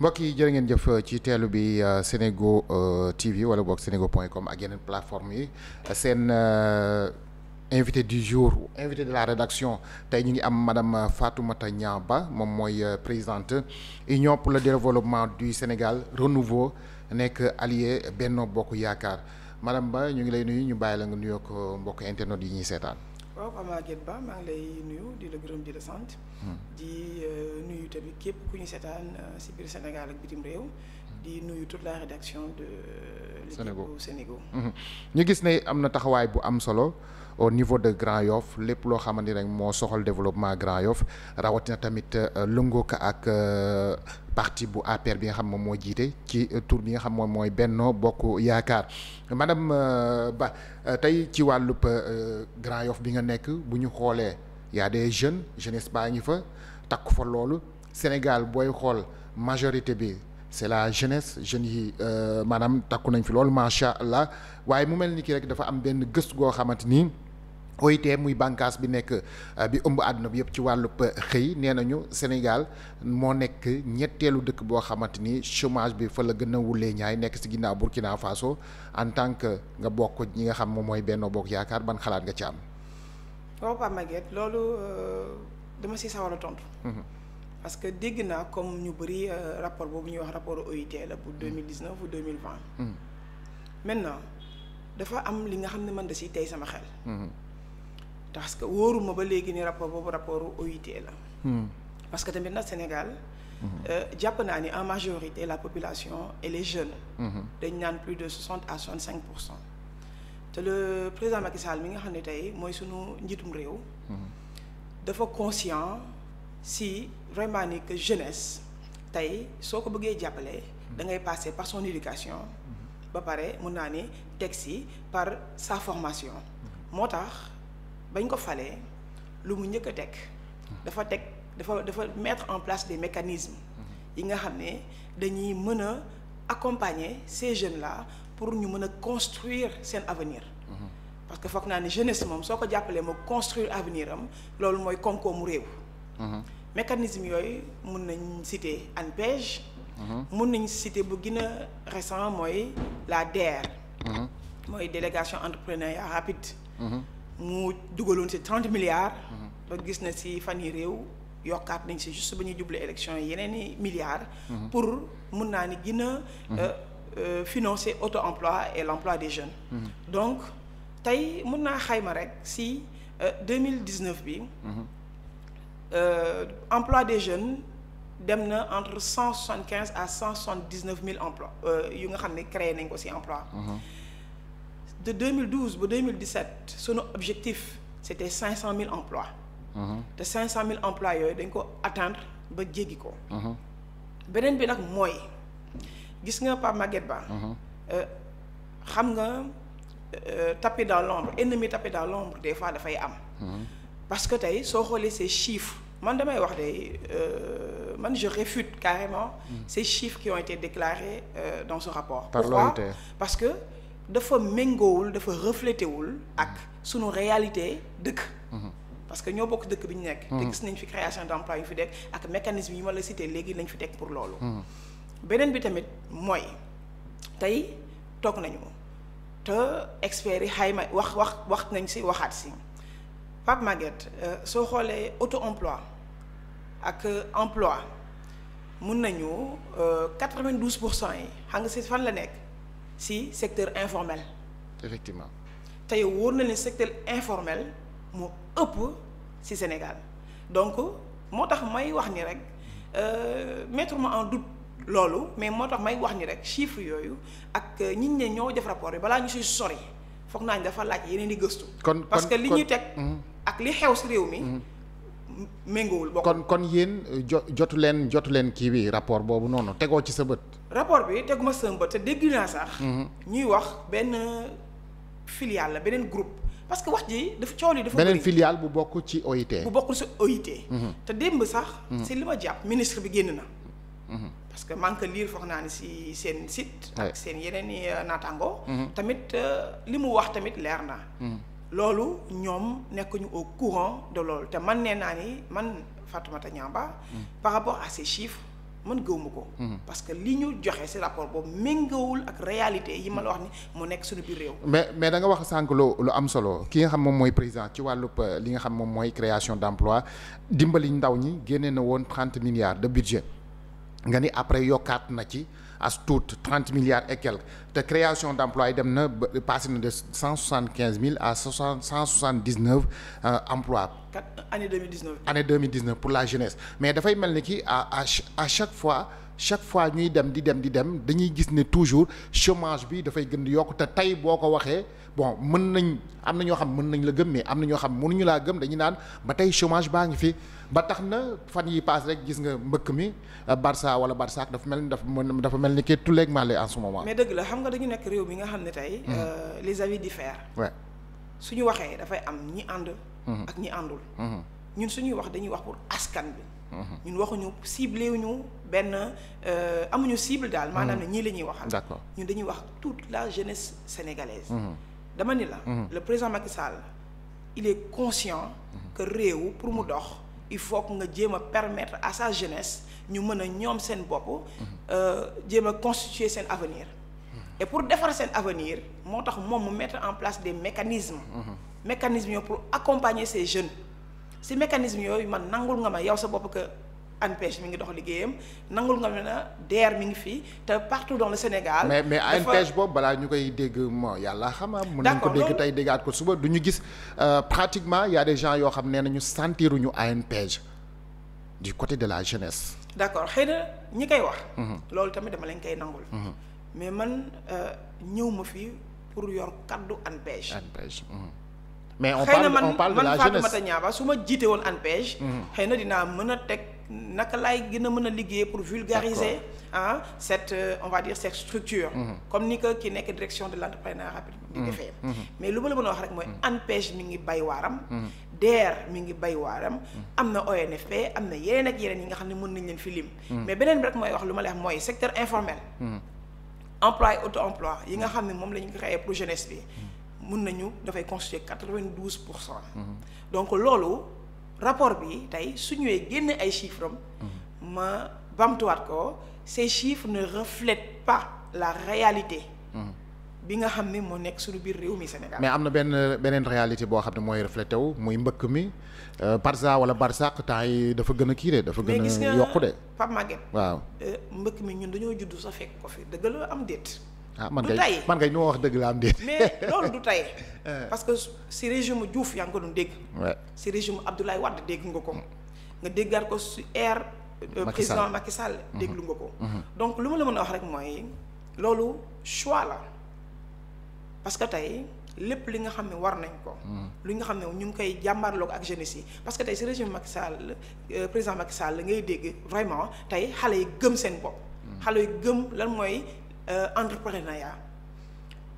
mbokk yi jërë ngeen jëf euh, ci teelu bi euh, Senego euh, TV wala boog Senego point com ak yeneen plateforme yi seen invité du jour invité de la rédaction tey ñu ngi am madame Fatoumata Niang Ba moom mooy présidente Union pour le développement du Sénégal renouveau nekk allié Benno Bokk Yaakaar madame Ba ñu ngi lay nuyu ñu bàyyi la nga nuyoog mbokk internet yi ñuy seetaan. waaw Pape Maguette Ba maa ngi lay nuyu di la gërëm di la sant. Hmm. di euh, nuyu tamit képp ku ñu seetaan euh, si biir Sénégal ak bitim réew. Hmm. di nuyu toute la rédaction de. Euh, Sénégo Sénégo. Hmm. ñu gis ne am na taxawaay bu am solo. au niveau de Grand Yoff lépp loo xamante ne moo soxal développement Grand Yoff rawatina tamit euh, lëngoo ko ak euh, parti bu APR bi nga xam moom moo jiite ci euh, tour bi nga xam moom mooy Benno Bokk Yaakaar madame Ba tey ci wàllub Grand Yoff bi nga nekk bu ñu xoolee y a des jeunes jeunesse baa ngi fa takk fa loolu Sénégal booy xool majorité bi c'est la jeunesse jeunes yi maanaam takku nañ fi loolu macha allah waaye mu mel ni kii rek dafa am benn gëstu goo xamante ni. OIT muy bànqaas bi nekk euh, bi ëmb àdduna bi yëpp ci wàllub euh, xëy nee nañu Sénégal moo nekk ñetteelu dëkk boo xamante ni chômage bi fa la gën a wulee ñaay nekk si ginnaaw Burkina Faso en tant que nga bokk ñi nga xam moom mooy Benno Bokk Yaakaar ban xalaat nga ci am. waaw oh, Pape Maguette loolu euh, dama si sawar a tontu. Mhm. parce que dégg naa comme ñu bëri rapport boobu ñuy wax rapport OIT la bu mhm. deux mille dix neuf ou deux mille vingt. Mhm. maintenant dafa am li nga xam ne man da si tey sama xel. parce que wóoruma ba léegi ni rapport boobu rapport OIT la hmm. parce que tamit na Sénégal hmm. euh, jàpp naa ni en majorité la population et les jeunes hmm. dañ naan plus de soixante à soixante cinq pour cent te le président Macky Sall mi nga xam ne tey mooy sunu njiitum réew dafa conscient si vraiment ni que jeunesse tey soo ko bëggee jàppale da ngay passer par son éducation ba pare mun naa ni teg si par sa formation moo tax bañ ko falee lu mu njëkk a teg dafa teg dafa dafa mettre en place des mécanismes yi nga xam ne dañuy mën a accompagner ces jeunes là pour ñu mën a construire seen avenir parce que foog naa ne jeunesse moom soo ko jàppalee moo construire avenir am loolu mooy koom-koomu réew mécanisme yooyu mun nañ citer ANPEJ mun nañ citer bu gën a récent mooy la DER mhm. mooy délégation entrepreneuriat rapide mhm. mu dugaloon ci trente milliards. ba gis na ci fan yi réew yokkaat nañ ci juste ba ñuy jublu élection yeneen i milliards. Mhm. pour mun naa ni gën a mhm. euh, euh, financer auto emploi et l' des jeunes. Mhm. donc tey mun naa xayma rek ci euh, deux mille dix neuf bi. emploi des jeunes. dem na entre cent soixante quinze à cent soixante dix neuf mille emplois yu nga xam ne créé nañ ko ci emploi. de 2012 ba 2017 sunu objectif c'était 500 000 emplois. Mhm. te 500 000 emplois yooyu dañ ko atteindre ba jéggi ko. Mhm. beneen bi nag mooy gis nga Pape Maguette Ba. Mhm. Euh, xam nga euh, tapé dans l'ombre ennemi tapé dans l'ombre des fois dafay am. parce que tey soo xoolee ces chiffres man damay wax de euh, man je réfute carrément. ces chiffres qui ont été déclarés dans ce rapport. Par pourquoi parce que. dafa méngoowul dafa reflété wul ak sunu réalité dëkk. Mhm. parce que ñoo bokk dëkk bi ñu nekk. te mhm. gis nañ fi création d'emploi yu fi teg ak mécanisme yi ma la cité léegi lañ fi teg pour loolu. Mhm. beneen bi tamit mooy tey toog nañu te experts yi xayma wax wax wax nañ si waxaat si Pape Maguette euh, soo xoolee auto emploi ak euh, emploi mun nañu 92 euh, pour cent yi xam nga si fan la nekk. si secteur informel. effectivement tey wóor na ne secteur informel mu ëpp si Sénégal donc moo tax may wax ni rek euh, mettre ma en doute loolu mais moo tax may wax ni rek chiffre yooyu ak euh, ñi ne ñoo def rapport yi balaa ñu si sori foog naa ñu dafa laaj yeneen di gëstu. kon parce que li ñu teg. Hmm. ak li xew si réew mi. Hmm. méngoowul bokk kon kon yéen euh, jo jotu leen jotu leen kii bi rapport boobu noonu tegoo ci sa bët. rapport bi teguma sa bët te dégg naa sax. Mm-hmm. ñuy wax benn filiale la beneen groupe parce que wax ji dafa coow li dafa. beneen filiale bu bokk ci OIT. bu bokkul ci OIT. Mm-hmm. te démb sax. Mm-hmm. si li ma jàpp ministre bi génn na. parce que man ka liir foog naa ne si seen site. ak seen yeneen i euh, naataango. tamit euh, li mu wax tamit leer na. loolu ñoom nekk ñu au courant de loolu te man nee naa ni man Fatoumata ñaamba mm. par rapport à ces chiffres man gëwuma ko mm-hmm. parce que li ñu joxe ci rapport boobu méngawul ak réalité yi ma la wax ni mm-hmm. mu nekk suñu biir réew mais mais danga wax a lu lu am solo ki nga xam moom mooy président ci wàllu euh, li nga xam moom mooy création d'emploi dimbali ndaw ñi génne na woon trente milliards de budget nga ni après yokkaat na ci as tuut trente milliards et quelques te création d' emploi dem na ba passé na de cent soixante quinze mille à soixante cent soixante dix neuf euh, emplois. année deux mille dix neuf. année deux pour la jeunesse mais dafay mel ni ki à à chaque fois. chaque fois ñuy dem di dem di dem dañuy gis ne toujours chômage bi dafay gën di yokk te tey boo ko waxee bon mën nañ am na ñoo xam mën nañ la gëm mais am na ñoo xam ñu laa gëm dañu naan ba tey chômage baa ngi fi ba tax na fan yi paas rek gis nga mbëkk mi Barça wala Barça dafa mel ni dafa mën dafa mel ni kii tout léegi maale en ce moment. mais dëgg la xam nga dañu nekk réew nga xam ne tey. Hmm. Euh, les avis diffèrent. waaw suñu waxee dafay am ñi ànd. Hmm. ak àndul. Hmm. ñun suñuy wax dañuy wax pour askan ñun waxuñu ciblé wuñu benn euh, amuñu cible daal. maanaam ne ñii la ñuy waxal. d'accord ñun dañuy wax toute la jeunesse sénégalaise. Mmh. dama ni la. Mhm. le président Macky Sall il est conscient mhm. que réew pour mu dox il faut que nga jéem a permettre à sa jeunesse ñu mën a ñoom seen bopp. Mhm. Euh, jéem a constituer seen avenir. et pour defar seen avenir moo tax moom mu mettre en place des mécanismes. mécanismes yooyu pour accompagner ces jeunes. si mécanismes yooyu man nangul nga ma yow sa bopp que. ANPEJ mi ngi dox liggéeyam nangul nga mën na DER mi ngi fii te partout dans le Sénégal. mais mais ANPEJ boobu balaa ñu koy dégg moo yàlla xama mën nañ ko dégg tey déggaat ko suba du ñu gis euh, pratiquement y des gens yoo xam ne nañu sentiruñu ANPEJ du côté de la jeunesse. d' accord xëy na ñi koy wax. Mhm. loolu tamit dama leen koy nangul. Mhm. mais man euh, ñëw ma fii pour yor kaddu ANPEJ. ANPEJ. Mhm. mais on parle on parle de la jeunesse su ma jiite woon ANPEJ. xëy na dinaa mën a teg. naka laay gën a mën a liggéey pour vulgariser ah cette euh, on va dire cette structure mhm. comme ni ko ki nekk direction de l'entrepreneuriat rapide di mhm. defee mhm. mais lu ma la mën a wax rek mooy ANPEJ mi ngi bay waaram DER mi ngi bay waaram am na ONFP am na yeneen ak yeneen yi nga xam ne mën nañ leen fi lim mais beneen bi rek mooy wax lu ma la mooy secteur informel emploi et auto emploi yi nga xam ne moom la ñu créé pour jeunesse bi mun nañu dafay constituer quatre vingt pour cent donc loolu rapport bi tey su ñëwee génne ay chiffres am ma bamtuwaat ko ces chiffres ne reflètent pas la réalité bi nga xam ni moo nekk suñu biir réew mi Sénégal mais am na benn beneen réalité boo xam ne mooy reflété wu muy mbëkk mi euh, Barça wala Barsaq temps yi dafa gën a kii de dafa gën a yokku de waaw euh, mbëkk mi ñun dañoo juddu sa fekk ko fi dëgg la am déet ah man kay man kay nu ma wax dëgg la am déet. mais loolu du tey. Eh. parce que si régime Diouf yaa ngi ko doon dégg. si régime Abdoulaye Wade dégg nga ko. nga déggaat ko si air. Euh, président Macky Sall mhm. déglu nga ko. Mhm. donc lu ma la mën a wax rek mooy loolu choix la parce que tey lépp li nga xam ne war nañ ko. Mhm. li nga xam ne ñu ngi koy jàmbaarloo ko ak jeunesse yi parce que tey si régime Macky Sall euh, président Macky Sall ngay dégg vraiment tey xale yi gëm seen bopp. xale yi gëm lan mooy. Euh, entrepreneuriat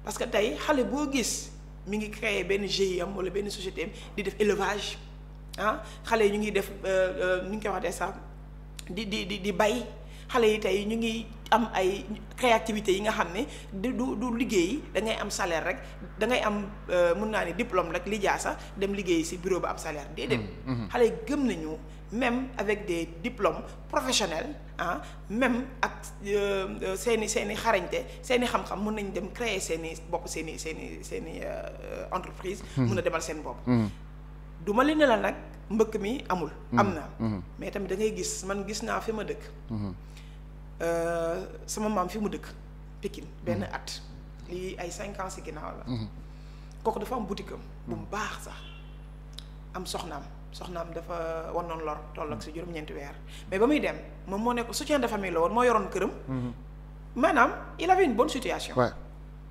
parce que tey xale boo gis mu ngi créer benn GIE am wala benn société di def élevage ah xale yi ñu ngi def euh, euh, nu ñu koy waxee sax di di di di bay xale yi tey ñu ngi am ay créativité yi nga xam ne du du liggéey da ngay am salaire rek da ngay am mun naa ne diplôme rek sax dem liggéey si bureau ba am salaire hmm, déedéet. Hmm. xale yi gëm nañu. même avec des diplômes professionnels ah même ak euh, seeni seeni xarañte seeni xam-xam mun nañ dem créer seeni bopp seeni seeni seeni euh, entreprise mën hmm. a demal seen bopp hmm. du ma leen ne nag mbëkk mi amul hmm. am na mais tamit da ngay gis man gis naa fi ma dëkk euh, sama maam fi mu dëkk Pikine benn at lii ay cinq ans ci ginnaaw la kooku dafa am boutique am baax sax am soxnaam soxnaam dafa wanoon lor toll ak si juróom-ñeenti weer mais ba muy dem moom moo nekk soutien de famille la woon moo yoroon këram. Mhm. maanaam il avait une bonne situation. Ouais.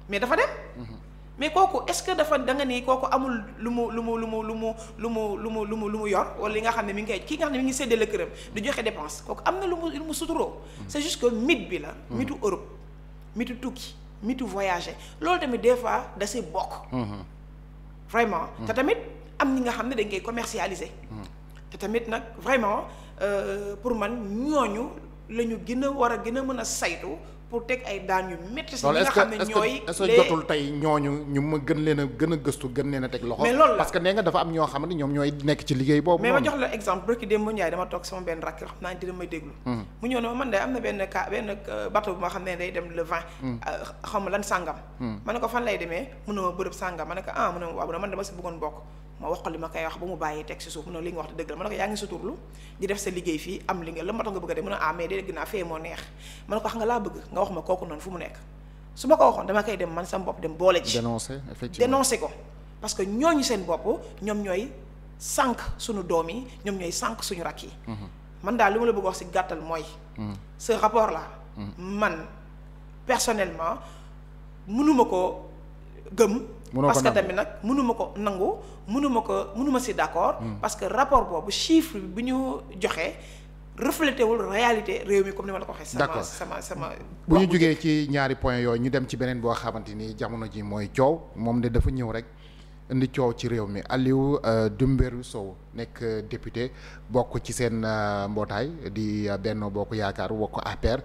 mais dafa dem. Mhm. mais kooku est-ce que dafa da nga ni kooku amul lu mu lu mu lu mu lu mu lu mu lu mu lu mu lu mu yor wala li nga xam ne mi ngi koy ki nga xam ne mi ngi séddale këram du joxe dépense kooku am na lu mu lu mu suturoo. Mhm. c'est juste que mythe bi la. mitu Europe mitu tukki mitu voyager loolu tamit des fois da si bokk. vraiment te tamit. am ñi nga xam ne dañ koy commercialiser. Hmm. te tamit nag vraiment euh, pour man ñooñu la ñu gën a war a gën a mën a saytu pour teg ay daan yu métti si ñi nga xam ne ñooy est-ce que jotul tey a ñoo xam ne ñoom ñooy nekk ci liggéey boobu mais ma jox la exemple barki démb Ndiaye dama toog sama benn rakk xam naa dina may déglu hmm. mu ñëw ne ma man de am na benn cas benn euh, bateau bu ma xam ne day dem le vin hmm. euh, xaw lan sàngam ma ne ko fan lay demee mun ne ma bërëb sàngam ma ne ko ah mu ne ma waaw man dama si bëggoon bokk ma wax ko li ma koy wax ba mu bàyyi teg si suuf mu ne li nga wax dëgg la ma ne ko yaa ngi suturlu di def sa liggéey fii am li nga la ma tax nga bëgg a dem mu ne ah mais dégg naa fee moo neex ma ko wax nga laa bëgg nekk su ma ko waxoon dama koy dem man sama bopp dem boole ji dénoncer ko parce que ñooñu seen bopp ñoom ñooy sànq suñu doom yi ñoom ñooy sànq suñu rak yi mhm. man daal li ma la bëgg wax si gàttal mooy mhm. ce rapport là mhm. man personnellement mënuma ko gëm parce que tamit nag mënuma ko nangu mënuma ko mënuma si d'accord hmm. parce que rapport boobu chiffre bi ñu joxee reflété wul réalité réew mi comme ni ma la ko waxee. d'accord sama sama bu ñu jugee ci ñaari point yooyu ñu dem ci beneen boo xamante ni jamono ji mooy coow moom de dafa ñëw rek indi coow ci réew mi Aliou euh, Dembourou Sow nekk euh, député bokk ci seen euh, mbootaay di Benno Bokk Yaakaar wokk APR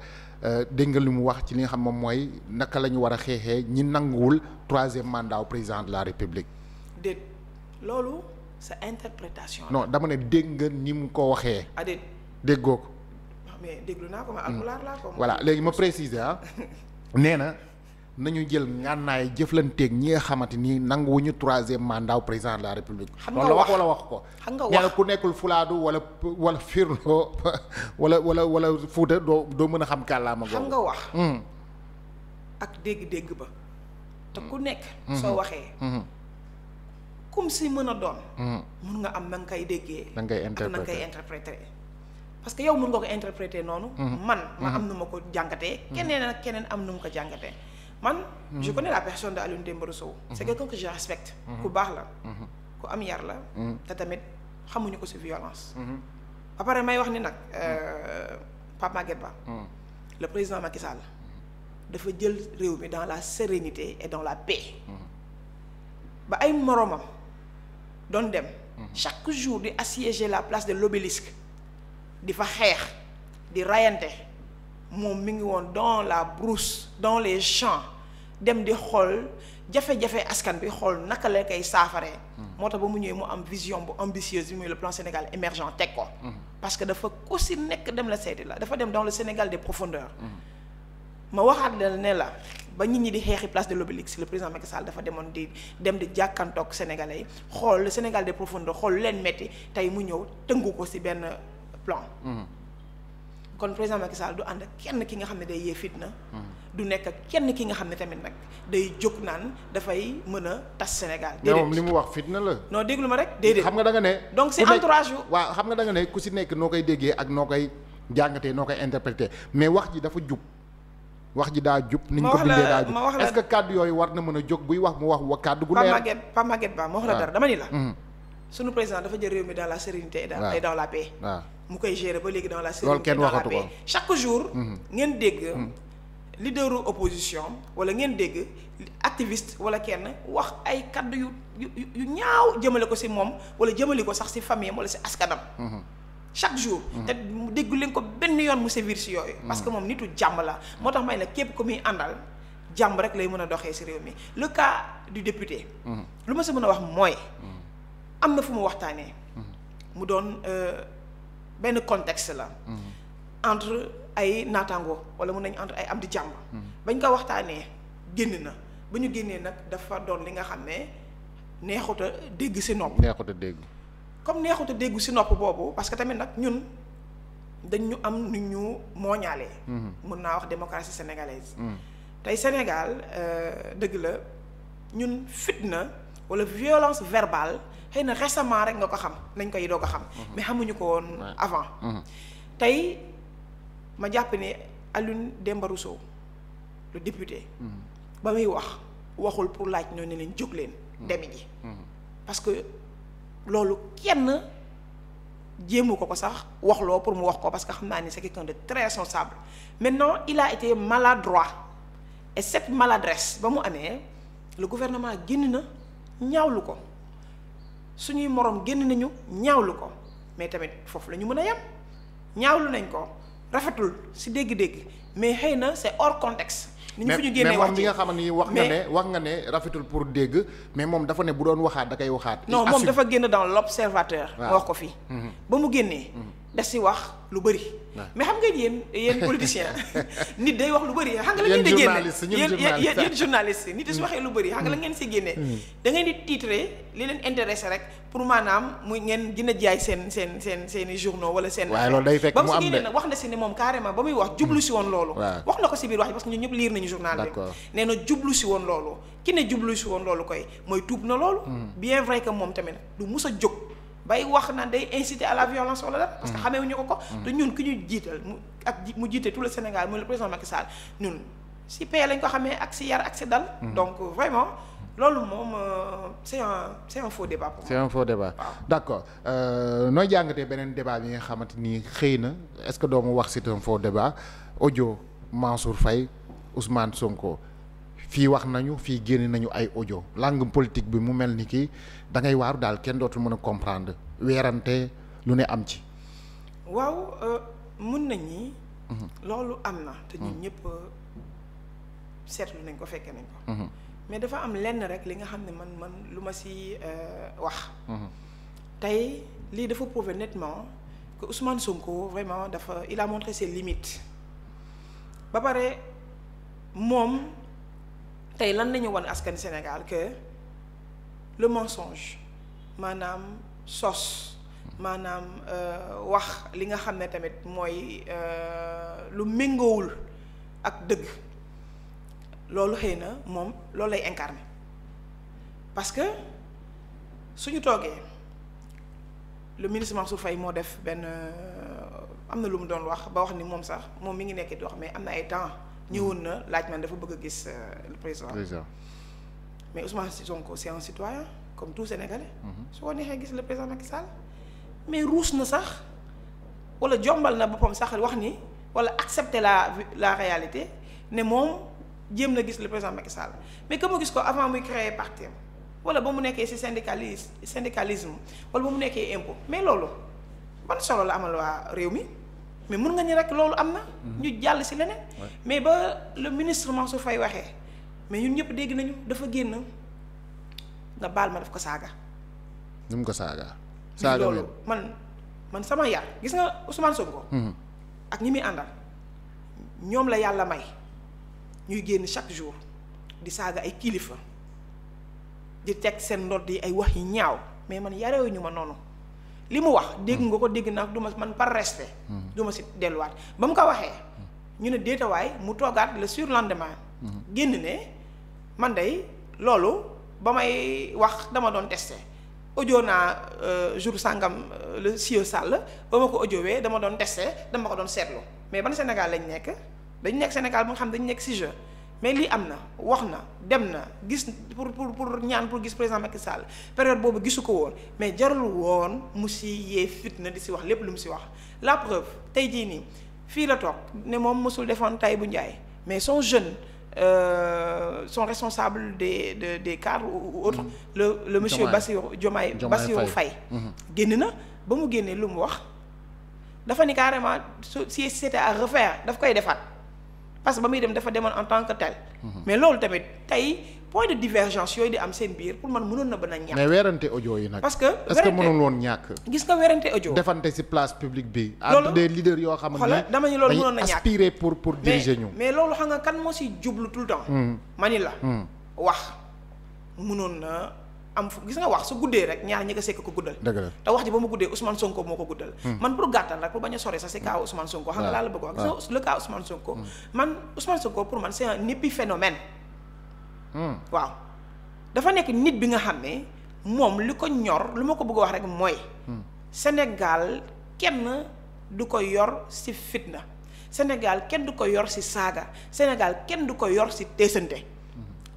dégg nga lu mu wax ci li nga xam moom mooy naka la ñu war a xeexee ñi nanguwul troisième mandat président de la République. loolu sa interprétation no dama ne dégg nga ni mu ko waxee. adé ah, déggoo ko. Ah, mais déglu naa ko mm. voilà léegi ma préciser ah nee na nañu jël ngànnaay jëflanteeg ñi nga xamante ni nanguwuñu troisième mandat président de la république. xam nga wax wala wax ko. xam nga wax nee na ku nekkul wala wala firlo wala wala wala fuuta doo doo mën a xam kàllaama. xam nga wax. Mm. ak dégg-dégg ba. te ku mm. nekk. Mm-hmm. soo waxee. Mm-hmm. comme si mën a doon. mun mm. nga am na nga koy déggee. na nga koy interpréter parce que yow mun nga ko interpréter noonu. Mm-hmm. man ma mm-hmm. am nu ma ko jàngatee. Mm-hmm. keneen ak keneen am nu mu ko jàngatee. man je connais la personne de Alioune Dembourou Sow. c'est quelqu'un que je respecte. ku baax la. ku am yar la. te tamit xamuñu ko si violence. ba may wax ni nag euh, Pape Maguette Ba. Mm. le président Macky Sall dafa jël réew mi dans la sérénité et dans la paix. ba ay moroomam. doon dem mhm. chaque jour di assiéger la place de l'obélisque di fa xeex di rayante moom mu ngi woon dans la brousse dans les champs dem di xool jafe-jafe askan bi xool naka la koy saafaree. Mhm. moo tax ba mu ñëwee mu am vision bu ambitieuse bi muy le plan Sénégal émergent teg ko. Mhm. parce que dafa ku nekk dem la seeti la dafa dem dans le Sénégal des profondeurs. ma waxaat la ne la ba ñi di xeexi place de l'Obélisque le président Macky Sall dafa demoon dem di jàkkantook sénégalais xool Sénégal de profondeur xool leen metti tey mu ñëw tëngu ko ci benn plan mhm. kon président Macky Sall du ànd kenn ki nga xam ne day yee fitna mhm. du nekk ak kenn ki nga xam ne tamit nag day jóg naan dafay mën a tas Sénégal déedéet moom li mu wax fitna la non déglu ma rek déedéet xam nga da nga ne donc c'est entourage yu waaw xam nga danga ne ku si nekk noo koy déggee ak noo koy jàngatee noo koy interprété mais wax ji dafa jub wax ji daa jub. niñ ko bindee daa jub est-ce que kàddu yooyu war na mën a jóg buy wax mu wax wa kàddu gu leer. Pa Maguette Ba ma wax la dara dama ni la. Mhm. sunu président dafa jël réew mi dans la sérénité. et dans la paix. mu koy gérer ba léegi dans la sérénité dans la paix chaque jour. Mhm. ngeen dégg. Mhm. leaderu opposition wala ngeen dégg activiste wala kenn wax ay kàddu yu yu yu ñaaw jëmale ko si moom wala jëmale ko sax si famille wala ci askanam. chaque jour mm-hmm. te mu déggu leen ko benn yoon mu sévir si yooyu parce que mm-hmm. moom nitu jàmm la moo tax may na képp ku muy àndal jàmm rek lay mën a doxee si réew mi le cas du député mm-hmm. lu ma si mën a wax mooy am na fu mu waxtaanee mu doon euh, benn contexte la entre ay naataango wala mun nañu entre ay am di jàmb bañ ko waxtaanee génn na ba ñu génnee nag dafa doon li nga xam ne neexut dégg si nopp neexut a dégg comme neexut a déggu si nopp boobu parce que tamit nag ñun dañ ñu am nu ñu mooñaalee. Mm-hmm. mun naa wax démocratie sénégalaise. Mm-hmm. tey Sénégal euh, dëgg la ñun fitna wala violence verbale xëy na récemment rek nga ko xam nañ koy doog a xam. Mm-hmm. mais xamuñu ko woon avant. tey ma jàpp ne Alioune Demba Rousseau lu député. ba muy wax waxul pour laaj ñoo ne leen jóg leen. demi ji loolu kenn jéemu ko ko sax waxloo pour mu wax ko parce que xam naa ni c'est quelqu'un de très responsable maintenant il a été maladroit et cette maladresse ba mu amee lu gouvernement génn na ñaawlu ko suñuy moroom génn nañu ñaawlu ko mais tamit foofu la ñu mën a yem ñaawlu nañ ko rafetul si dégg-dégg mais xëy na c'est hors contexte ni ñu fi ñu génnee wax ci mais nga xam ni wax nga ne wax nga ne rafetul pour dégg mais moom dafa ne bu doon waxaat da koy waxaat. non moom dafa génn dans l'observateur. wax ko fi. Mhm. ba mu génnee. Mhm. das si wax lu bëri. mais xam ngeen yéen yéen politicien nit day wax lu bari xam nga la ngeen di génne yéen yéen journaliste nit si mm. waxee lu mm. mm. da ngeen di titre li leen intéressé rek pour maanaam muy ngeen gën a jaay seen seen seen seen i journaux wala seen waaye loolu day fekk mu am de ba mu si génnee nag wax na si ne moom carrément ba muy wax jublu si woon loolu wax na ko si biir wax parce que ñun ñëpp liir nañu journal bi nee na jublu si woon loolu ki ne jublu si woon loolu koy mooy tuub na loolu bien vrai que moom tamit du mus a jóg bay wax na de inciter à la violence wala dara parce que mm. xamee wuñu ko ko mm. te ñun ki ñu jiital mu ak mu jiite tout le Sénégal muy le président Macky Sall ñun si paye lañ ko xamee ak si yar ak si dal mm. donc vraiment loolu moom euh, c'est un c'est un ba débat pour moi. c'est d'accord euh, nooy jàngatee beneen débat bi nga xamante ni xëy na est-ce que doomu wax c'est un faux débat audio Mansour fay Ousmane Sonko fii wax nañu fii génne nañu ay ojo langue politique bi mu mel ni kii dangay ngay waaru daal kenn dootul mën a comprendre weerante lu ne am ci. waaw euh, mun nañ ni. Mhm. loolu am na. te ñun mhm. ñëpp euh, seetlu nañ ko fekkee nañ ko. Mhm. mais dafa am lenn rek li nga xam ne man man lu ma si euh, wax. tey lii dafa prouver nettement que Ousmane Sonko vraiment dafa il a montré ses ba pare moom tey lan la ñu wan askan Sénégal que. le mensonge maanaam sos maanaam euh, wax li nga xam ne tamit mooy euh, lu méngoowul ak dëgg loolu xëy na moom loolu lay incarné parce que suñu toogee le ministre su Faye moo def benn euh, am na lu mu doon wax ba wax ni moom sax moom mi ngi nekk di wax mais am na ay temps ñëwoon na laaj man dafa bëgg a gis le président mais Ousmane Sonko c'est un citoyen comme tout Sénégalais. Mhm. su ko neexee gis le président Macky Sall mais ruus na sax wala jombal na boppam sax wax ni wala accepter la la réalité ne moom jéem na gis le président Macky Sall mais que ma gis ko avant muy créer parti wala ba mu nekkee ci syndicalisme syndicalisme wala ba mu nekkee impôt mais loolu ban solo la amal waa réew mi mais mun nga ni rek loolu am na. Mhm. ñu jàll ci leneen. mais ba le ministre Mansour Faye waxee. mais ñun ñëpp dégg nañu dafa génn nga baal ma daf ko saaga. nu mu ko saaga. saaga loolu man man sama yar gis nga Ousmane Sonko. Mm-hmm. ak ñi muy àndal ñoom la yàlla may ñuy génn chaque jour di saaga ay kilifa di teg seen ndodd yi ay wax yi ñaaw mais man yarewu ñu ma noonu li mu wax dégg nga ko dégg naa du ma man par respect. Mm-hmm. du ma si delluwaat ba mu ko waxee. ñu ne déetawaay mu toogaat le surlendemain. Mm-hmm. génn ne. man dey loolu ba may wax dama doon testé audio naa euh, jour sàngam euh, le CEO Sall ba ma ko audiowee dama doon testé dama ko doon seetlu mais ban Sénégal lañ nekk dañ nekk Sénégal bu nga xam dañ nekk si jeu mais lii am na wax na dem na gis pour pour pour ñaan pour gis président Macky Sall période boobu gisu ko woon mais jarul woon mu si yee na di si wax lépp lu mu si wax la tey jii nii fii la toog ne moom mosul defoon tay bu njaay mais son jeune Euh, sont de des de, des cadres ou, ou autres. Mm-hmm. le le monsieur Bassirou Diomaye Bassirou mm-hmm. génn na ba mu génnee lu mu wax dafa ni carrément su si c'était à refaire daf koy defaat. parce que ba muy dem dafa demoon en tant que tel. mais loolu tamit tey point de divergence yooyu di am seen biir pour man mënoon na bën a ñàkk. mais weerante audio yi nag. parce que est-ce que mënul woon ñàkk. gis nga weerante audio. defante ci place publique bi. loolu entre des leaders yoo xam ne. xoolal dama ñu loolu mënoon na ñàkk aspirer pour pour diriger ñu. mais loolu xam nga kan moo si jublu tout le temps. Hmm. mani la. Hmm. wax mënoon na. am gis nga wax su guddee rek ñaar ñi ko sekk ko guddal te wax ji ba mu guddee Ousmane Sonko moo ko guddal hmm. man pour gàttal rek pour bañ a sore sax si cas hmm. Ousmane Sonko xam nga laa la bëgg wax gis nga le Sonko hmm. man Ousmane Sonko pour man c'est un épiphénomène waaw dafa nekk nit bi nga xam ne moom li ko ñor lu ma ko bëgg wax rek mooy senegal kenn du ko yor si fitna Sénégal kenn du ko yor si saaga Sénégal kenn du ko yor si teesante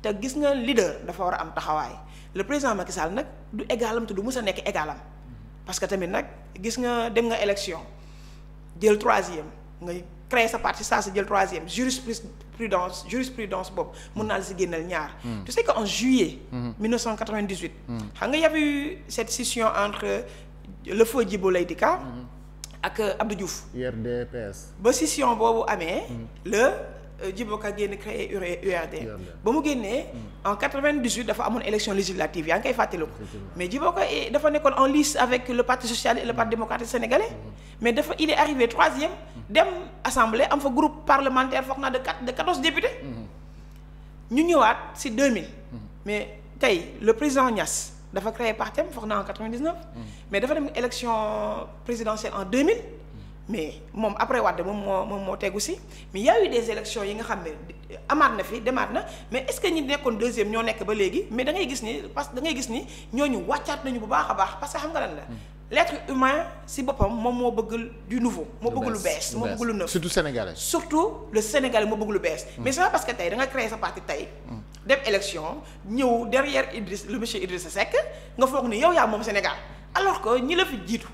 te gis nga leader dafa war a am taxawaay le président Macky Sall nag du égalam te du mus a nekk égalam parce que tamit nag gis nga dem nga élection jël troisième nga créer sa parti saa si jël troisième jurisprudence jurisprudence boobu mun naa la si génneel ñaar. Hmm. tu sais que en juillet. 1998. Hmm. Hmm. xam nga y avait eu cette scission entre le feu Djibo Leyti Ka. ak Abdou Diouf. ba scission boobu amee. le Euh, Djiboka génn ur URD e, ba mu génnee en 98 dafa amoon élection législative yaa ngi koy fàttaliku mais Djiboka eh, dafa nekkoon en lice avec le parti social et le parti démocratique sénégalais mm-hmm. mais dafa il est arrivé troisième dem assemblée am fa groupe parlementaire foog naa de quatre de quatorze députés mm-hmm. ñu ñëwaat si 2000 mm-hmm. mais tey le président Niass dafa créé parti am foog naa en 99 mais dafa dem élection présidentielle en 2000 mais moom après Wade moom moo moom moo tegu si mais y des élections yi nga xam ne amaat na fi demaat na mais est que ñi nekkoon deuxième ñoo nekk ba léegi mais da ngay gis ni parce que da ngay gis ni ñooñu wàccaat nañu bu baax a baax parce que xam nga lan la. Hmm. l'être humain si boppam moom moo bëgg du nouveau moo bëgg lu bees moo bëgg lu neuf surtout sénégalais surtout le sénégalais moo bëgg lu bees hmm. mais c'est pas parce que tey da nga créer sa parti tey hmm. dem élection ñëw derrière Idriss le monsieur Idrissa Seck nga foog ni yow yaa moom Sénégal alors que ñi la fi jiitu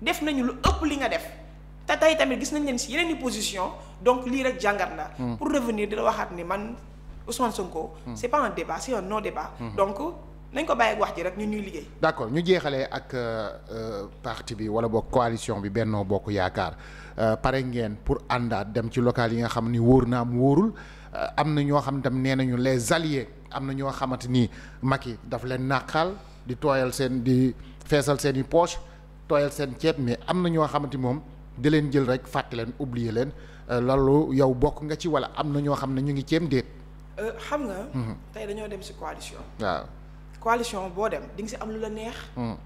def nañu lu ëpp li nga def te tey tamit gis nañ leen si yeneen i position donc lii rek jàngat la hmm. pour revenir di la waxaat ni man Ousmane Sonko. Hmm. c' est pas un débat c' est un non débat. Hmm. donc nañ ko bàyyi wax ji rek ñun ñuy liggéey. d' accord ñu jeexalee ak euh, parti bi wala boog coalition bi Benno Bokk Yaakaar euh, pare ngeen pour àndaat dem ci local yi nga xam ni wóor naa am wóorul euh, am na ñoo xam tam nee nañu les alliés am na ñoo xamante ni yi daf leen naqal di tooyal seen di feesal seen i poche tooyal seen ceeb mais am na ñoo xamante moom. di leen jël rek fàtte leen oublier leen euh, loolu yow bokk nga ci wala am na ñoo xam ne ñu ngi ceem déet. Euh, xam nga. Mhm. tey dañoo dem si coalition. waaw coalition boo dem di nga si am lu la neex. Mhm.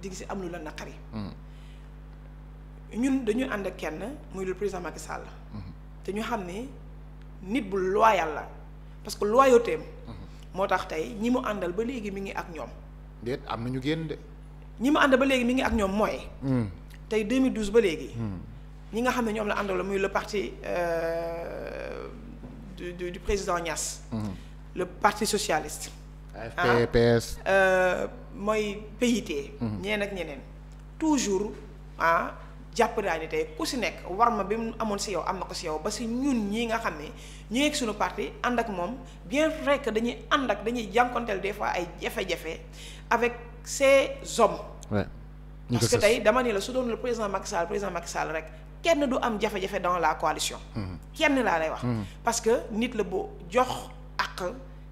di nga si am lu la naqari. Mhm. ñun dañu ànd ak kenn muy le président Macky Sall. te ñu xam ni nit bu loyal la parce que loyauté moo tax tey ñi mu àndal ba léegi mi ngi ak ñoom. déet am na ñu génn de. ñi mu àndal ba léegi mi ngi ak ñoom mooy. tey 2012 ba léegi. Hmm. ñi nga xam ne ñoom la muy le parti euh, du président Niass. Hmm. le parti socialiste. Ah. Euh, mooy PIT. Hmm. ñeen ak ñeneen toujours ah jàpp naa ni tey ku nekk war ma bi amoon si yow am na ko si yow ba ñii nga xam ne ñu ngi ak suñu ànd ak moom bien vrai que dañuy ànd ak dañuy jànkonteel des fois ay jafe-jafe avec ces hommes. ñu parce que tey dama ni la su doon le président Macky Sall président Macky Sall rek kenn du am jafe-jafe dans la coalition. Mm-hmm. kenn laa lay wax. Mm-hmm. parce que nit la boo jox ak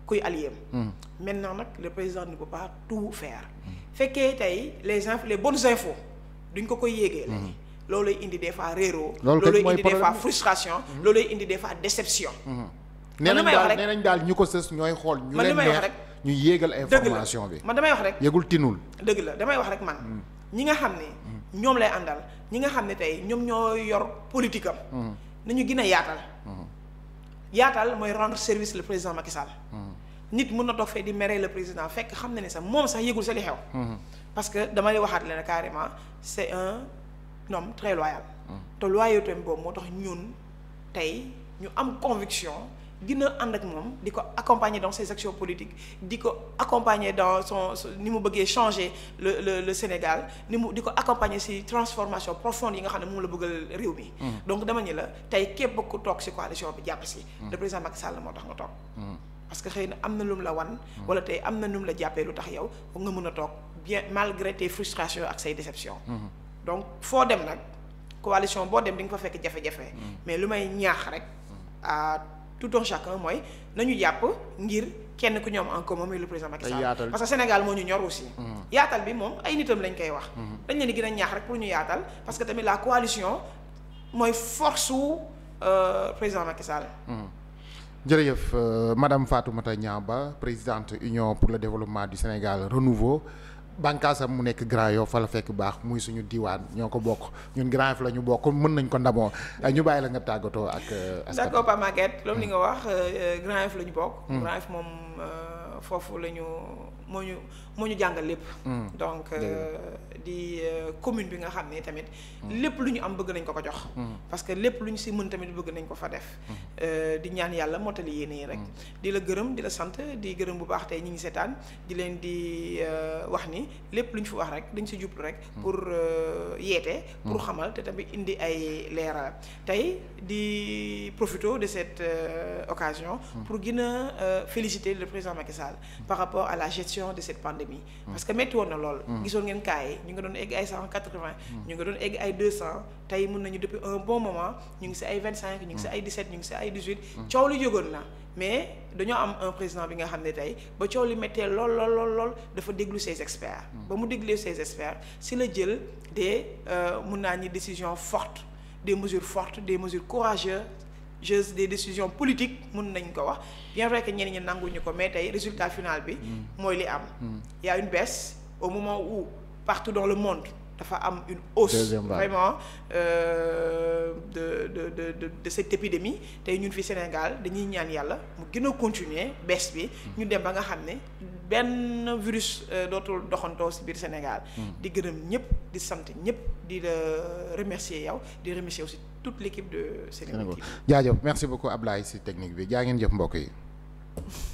kuy allié am. Mm-hmm. maintenant nag le président ne peut pas tout faire. fekkee tey les infos les bonnes infos duñ ko koy yéegee. loolooy indi des fois réeroo. loolu indi des fois frustration. loolooy indi des fa déception. man damay wax rek nee daal ñu ko sës ñooy xool. ñu leen neex ñu yéegal information bi. man damay wax rek. yëgul tinul. dëgg la damay wax rek man. ñi nga xam ne ñoom lay àndal ñi nga xam ne tey ñoom ñoo yor politique am mm-hmm. nañu gën a yaatal mm-hmm. yaatal mooy rendre service le président Macky Sall mm-hmm. nit mun na toog fee di mere le président fekk xam na ni sax moom sax yëgul sa li xew parce que dama lay waxaat leen carrément c'est un homme très loyal te loyauté boobu moo tax ñun tey ñu am conviction gën a ànd ak moom di ko accompagner dans ses actions politiques di ko accompagner son ni mu bëggee changer le le ni mu di ko accompagner si transformation profonde yi nga xam ne moom la bëggal réew mi. Mm. donc dama ni la tey képp ku toog si coalition bi jàpp si. Mm. le président moo tax nga toog. Mm. parce que xëy na am na lu la wan. wala tey am na nu mu la jàppee lu tax yow nga mën a toog bien malgré tes frustrations ak say déceptions. donc foo dem nag coalition boo dem di nga fa fekk jafe-jafe. mais lu may ñaax rek. tout un chacun mooy nañu jàpp ngir kenn ku ñoom en commun muy le président Macky Sall parce que Sénégal moo ñu ñor aussi mm-hmm. yaatal bi moom ay nitam lañ koy wax mm-hmm. dañ leen di gën a ñaax rek pour ñu yaatal parce que tamit la coalition mooy force su euh, président Macky Sall mm-hmm. jërëjëf euh, madame Fatoumata Niang Ba présidente Union pour le développement du Sénégal Renouveau bànqaasam mu nekk Grand Yoff fa la fekk baax muy suñu diwaan ñoo ko bokk ñun Grand Yoff la ñu bokk mën nañ ko ndamoo mm. ñu bàyyi la nga tàggatoo ak. Euh, askan d'accord Pa Maguette loolu li wax euh, Grand Yoff la ñu bokk. Mm. Grand Yoff moom. Euh, foofu la ñu moo ñu moo ñu jàngal lépp. Mm. donc euh, di euh, commune bi nga xam ne tamit. Mm. lépp lu ñu am bëgg nañ ko ko jox. Mm. parce que lépp lu ñu si mën tamit bëgg nañ ko fa def. Euh, di ñaan yàlla mottali yéene yi rek. di la gërëm di la sant di gërëm bu baax tey ñi ngi seetaan di leen di wax ni lépp lu ñu fi wax rek dañ si jublu rek. pour yeete. pour xamal te tamit indi ay leeral tey di profito de cette occasion. pour gën a féliciter le président Macky par rapport à la gestion de cette pandémie parce que métti woon na lool mm. gisoon ngeen cas ñu ngi doon egg ay cent quatre-vingts mm. ñu ngi doon egg ay deux cents nañu depuis un bon moment ñu ngi si ay vingt-cinq ñu ngi si mm. ay dix-sept ñu ngi si ay dix-huit coow li jógoon na mais dañoo am un président bi nga xam ne tey ba coow li méttee lool lool lool lool dafa déglu ses experts ba mu déglee ses experts si la jël des euh, mun naa ñi décision fortes de mesures fortes des mesures courageuses jeux des décisions politique mun nañ ko wax bien vrai que ñenn ñi nanguñu ko mais tey résultat final bi. Mm. mooy li am. Mm. y a une baisse au moment où partout dans le monde dafa am une hausse. vraiment euh, de de de de de cette épidémie tey ñun fi Sénégal dañuy ñaan yàlla mu gën a continuer baisse bi. Mm. ñu dem ba nga xam ne benn virus euh, dootul doxantoo ci biir Sénégal. di gërëm ñëpp di sant ñëpp di la remercier yow di remercier aussi. toute l'équipe de merci beaucoup Ablaye si technique bi jaa ngeen jëf mbokk yi.